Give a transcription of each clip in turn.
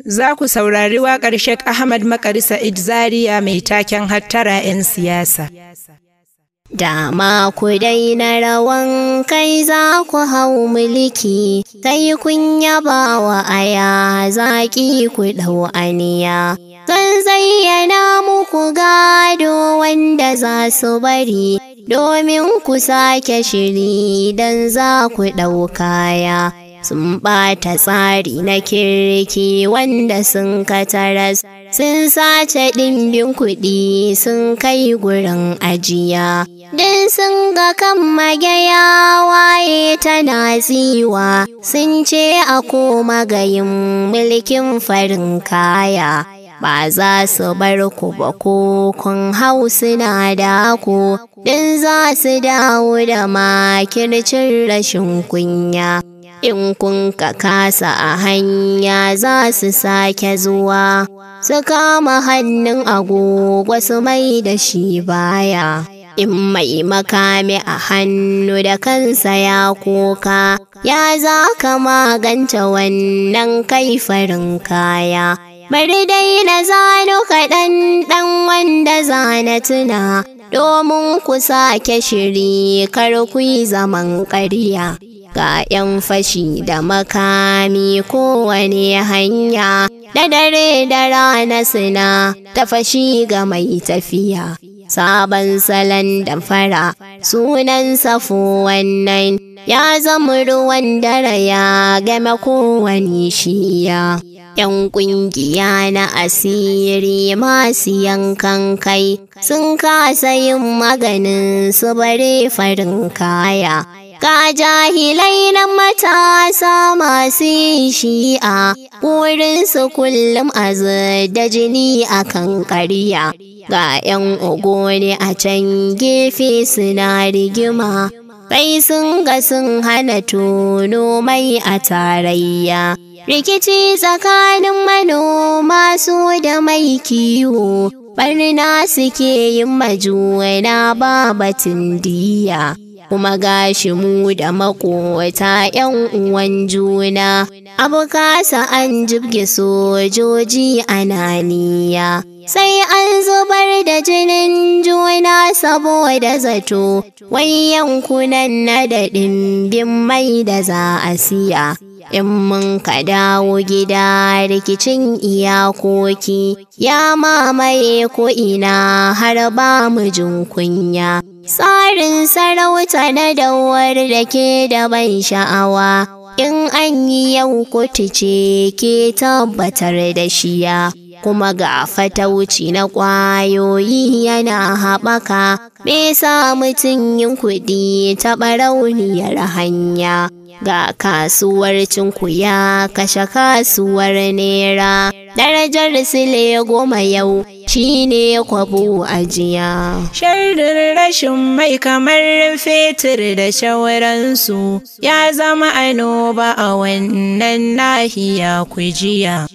Za ku saurari waƙar Sheikh Ahmad Makarisa Idzariya Zaria mai taken hattara 'yan siyasa. Dama ku daina rawan kai za ku hau mulki, sai kun yaba wa aya zaƙi ku ɗau aniya. Zan zayyana muku gado wanda za su bari, domin ku sake shiri don za ku ɗau kaya. sun ɓata tsari na kirki wanda sun kataras sun sace ɗimbin kuɗi sun kai gurin ajiya din sun ga kan magaya waye tana tsiwa sun ce a koma gayin mulkin farin kaya ba za su bar ku ba ko kun hau suna da ku din za su dawo da makircin rashin kunya in kun ka kasa a hanya za su sake zuwa, su kama hannun agogo su mai da shi baya. In mai makami a hannu da kansa ya koka, ya za ka maganta wannan kaifarin kaya. Bari dai na zanu kaɗan ɗan wanda zana tuna, domin ku sake shiri kar ku yi zaman ƙarya. ga 'yan fashi da makami kowane hanya da dare da rana suna ta fashi ga mai tafiya sabon salon da fara sunan safo wannan ya zama ruwan dare ya game kowane shiya ‘Yan ƙungiya na asiri masu yankan kai sun kasa yin maganin su bare farin kaya. Ga jahilai na matasa masu yin shi'a, wurinsu kullum a da jini a kan ƙarya. Ga ‘yan ogoni a can gefe suna rigima, kai sun ga sun hana tono mai a tarayya. Rikici tsakanin manoma su da mai kiwo, barna suke yin majuwa ba batun diya. kuma gashi mu da makowata ‘yan uwan juna, abu kasa an jibge sojoji a naniya. Sai an zubar da jinin juna saboda zato, wai yankunan na da ɗimbin mai da za a siya. in mun ka dawo gida rikicin iyakoki ya mamaye ko ina har ba mu jin kunya. Tsarin sarauta na dawar da ke da ban sha'awa, in an yi yau kutu ce ke tabbatar da shiya. kuma ga fatauci na ƙwayoyi yana haɓaka, me sa mutum yin kuɗi ta ɓarauniyar hanya. Ga kasuwar cinku ya kashe kasuwar nera, darajar sile goma yau shi ne kwabo ajiya. Sharrin rashin mai kamar fetur da shauransu ya zama annoba a wannan nahiya ku jiya.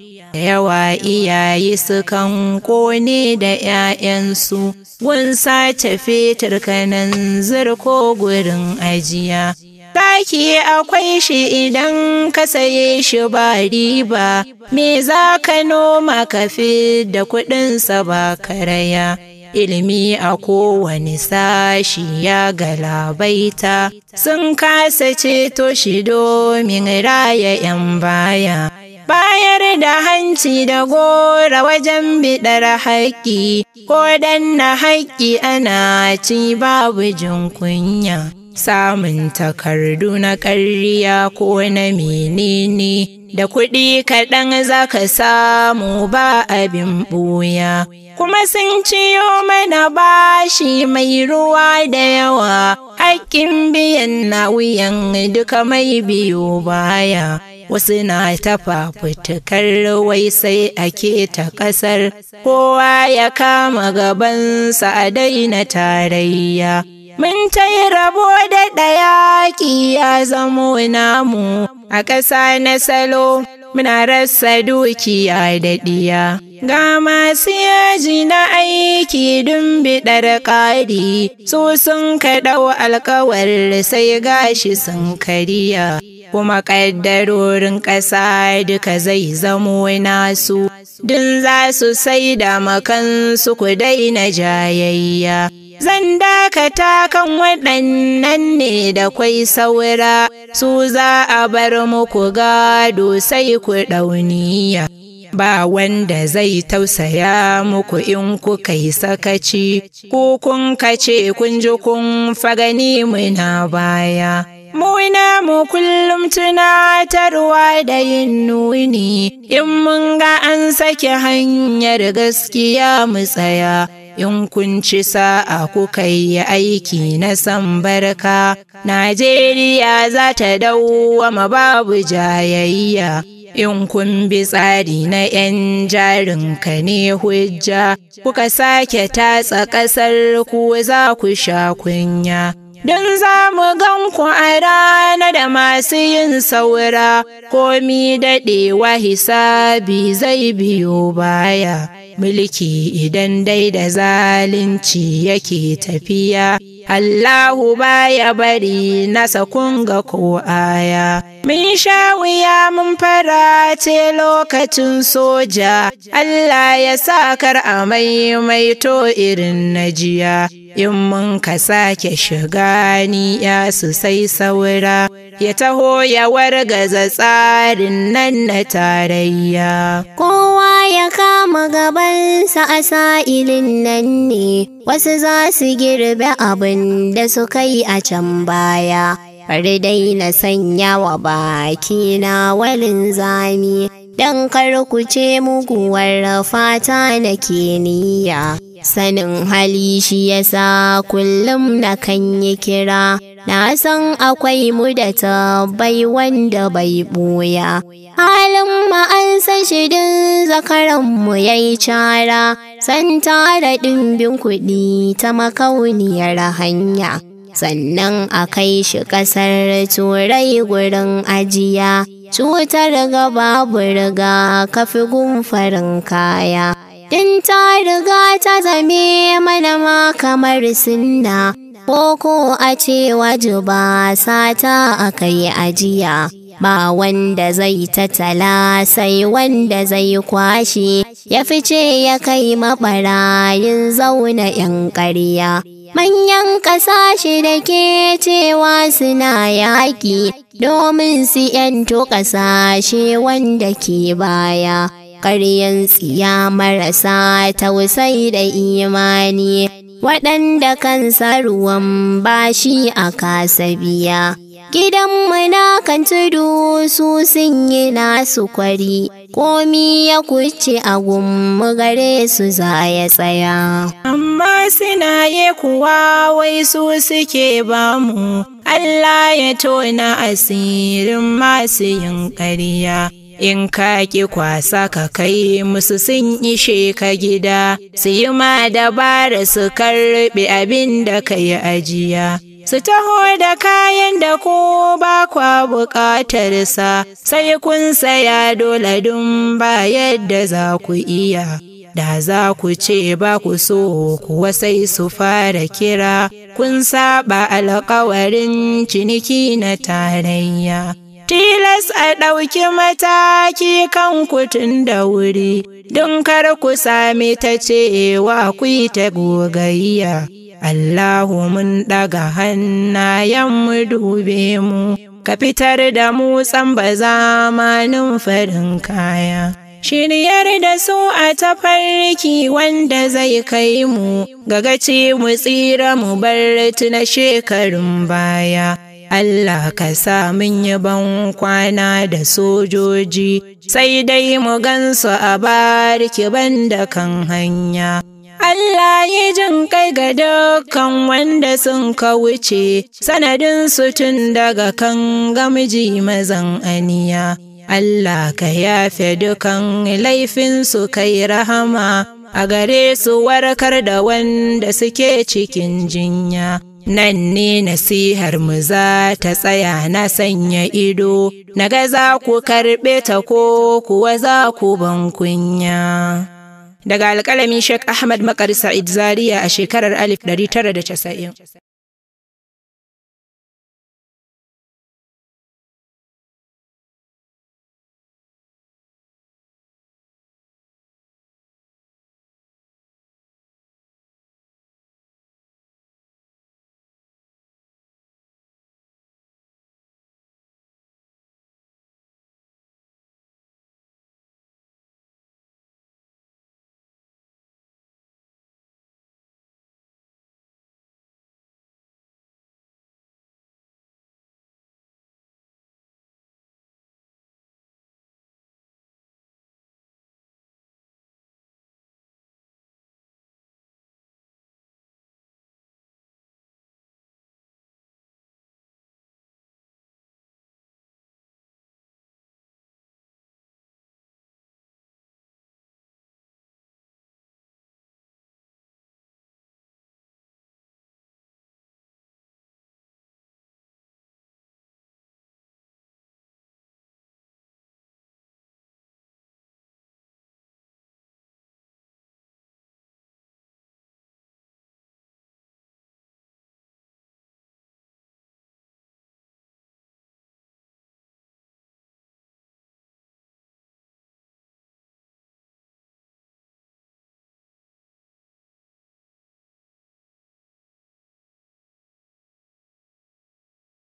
yawa iyaye sukan kone da ‘ya'yansu, gun sace fetur kanan zurko gurin ajiya. Taki akwai shi idan ka saye shi ba riba, me za ka noma ka fi da kuɗinsa ba karaya. ilimi a kowane sashi ya galabaita sun kasa ceto shi domin raya 'yan baya bayar da hanci da gora wajen biɗar haƙƙi, ko danna haƙƙi ana ci babu jin kunya. Samun takardu na ƙarriya ko na menene, da kuɗi kaɗan za ka samu ba abin ɓuya. Kuma sun ciyo mana bashi mai ruwa da yawa, haƙƙin biyan na wuyan duka mai biyo baya. wasu na tafa wai sai ke ta ƙasar kowa ya kama gabansa a daina tarayya Mun ta yi rabo da ɗaya ya zamo namu a ƙasa na salo muna rasa dukiya da ɗiya. Ga masu yaji na aiki biɗar ƙari, su sun kaɗau alkawar sai gashi sun kariya. kuma ƙaddarorin ƙasa duka zai zamo nasu, dun za su sai da makansu ku daina jayayya. Zan dakata kan waɗannan ne da kwai saura, su za a bar muku gado sai ku ɗauniya. Ba wanda zai tausaya muku in kuka yi sakaci, ko kun kace kun ji kun fagani muna baya. muna mu kullum tunatarwa da yin nuni, in mun ga an sake hanyar gaskiya mu tsaya. In kun ci sa'a kuka yi aiki na san barka, Najeriya za ta dawwama babu jayayya. In kun bi tsari na ‘yan jarinka ne hujja, kuka sake tatsa ƙasar ku za ku sha kunya. Idan za mu gan ku a rana da masu yin saura, komi daɗewa hisabi zai biyo baya. Mulki idan dai da zalunci yake tafiya, Allahu ya bari na sakun kunga ko aya. Mun sha wuya mun fara ce lokacin soja, Allah ya sa kar a maimaito irin na jiya. In mun ka sake shiga ya su sai saura, ya taho ya wargaza tsarin nan na tarayya. ya kama gabansa a sa'ilin nan ne, wasu za su girbe abin da suka yi a can baya. Bari dai na sanya wa baki na walin zami, don karkuce muguwar fata na niyya. Sanin hali shi yasa kullum na kan yi kira. na san akwai mu da ta bai wanda bai buya. Halin ma an san shidin zakaranmu ya yi cara, san tara ɗimbin kuɗi ta makauniyar hanya. Sannan a kai shi ƙasar turai gurin ajiya, cutar ga babu riga kafi gumfarin kaya. Din ta riga ta zame mana ma kamar sinna. boko a ce wajiba sata aka yi ajiya ba wanda zai tattala sai wanda zai kwashe ya ce ya kai maɓarayin zauna 'yan ƙarya manyan ƙasashe da ke cewa suna yaƙi domin su 'yanto ƙasashe wanda ke baya ƙaryan tsiya marasa tausai da imani waɗanda kan ruwan bashi a kasa biya. Gidanmu na kan tudu su sun yi nasu kwari, komi ya kuce a gummu gare su za ya tsaya. Amma suna yi kuwa wai su suke bamu, Allah ya tona asirin masu yin ƙarya. in ka ki kwasa ka kai musu sun ishe ka gida su yi ma dabara su karɓi abin da ka yi ajiya su taho da kayan da ko ba kwa buƙatar sa sai kun saya dole dun ba yadda za ku iya da za ku ce ba ku so kuwa sai su fara kira kun saba alƙawarin ciniki na tarayya tilas a ɗauki mataki kan kutun da wuri, don kar ku sami ta cewa ku yi ta gogayya. Allahu mun ɗaga hannayen mu dube mu, ka fitar da mu tsamba zamanin farin kaya. Shiryar da su a tafarki wanda zai kai mu, gagaci mu tsira mu bar tuna shekarun baya. Allah ka sa mun yi ban kwana da sojoji, sai dai mu gansu a bariki banda kan hanya. Allah yi jin kai ga dukkan wanda sun ka wuce, sanadin su tun daga kan gamji mazan aniya. Allah ka yafe dukan su kai rahama, a gare su warkar da wanda suke cikin jinya. nan ne nasihar mu za ta tsaya na sanya ido, na ga za ku karɓe ta ko kuwa za ku ban Daga alƙalamin Sheikh Ahmad Makar Sa'id Zaria a shekarar 1990.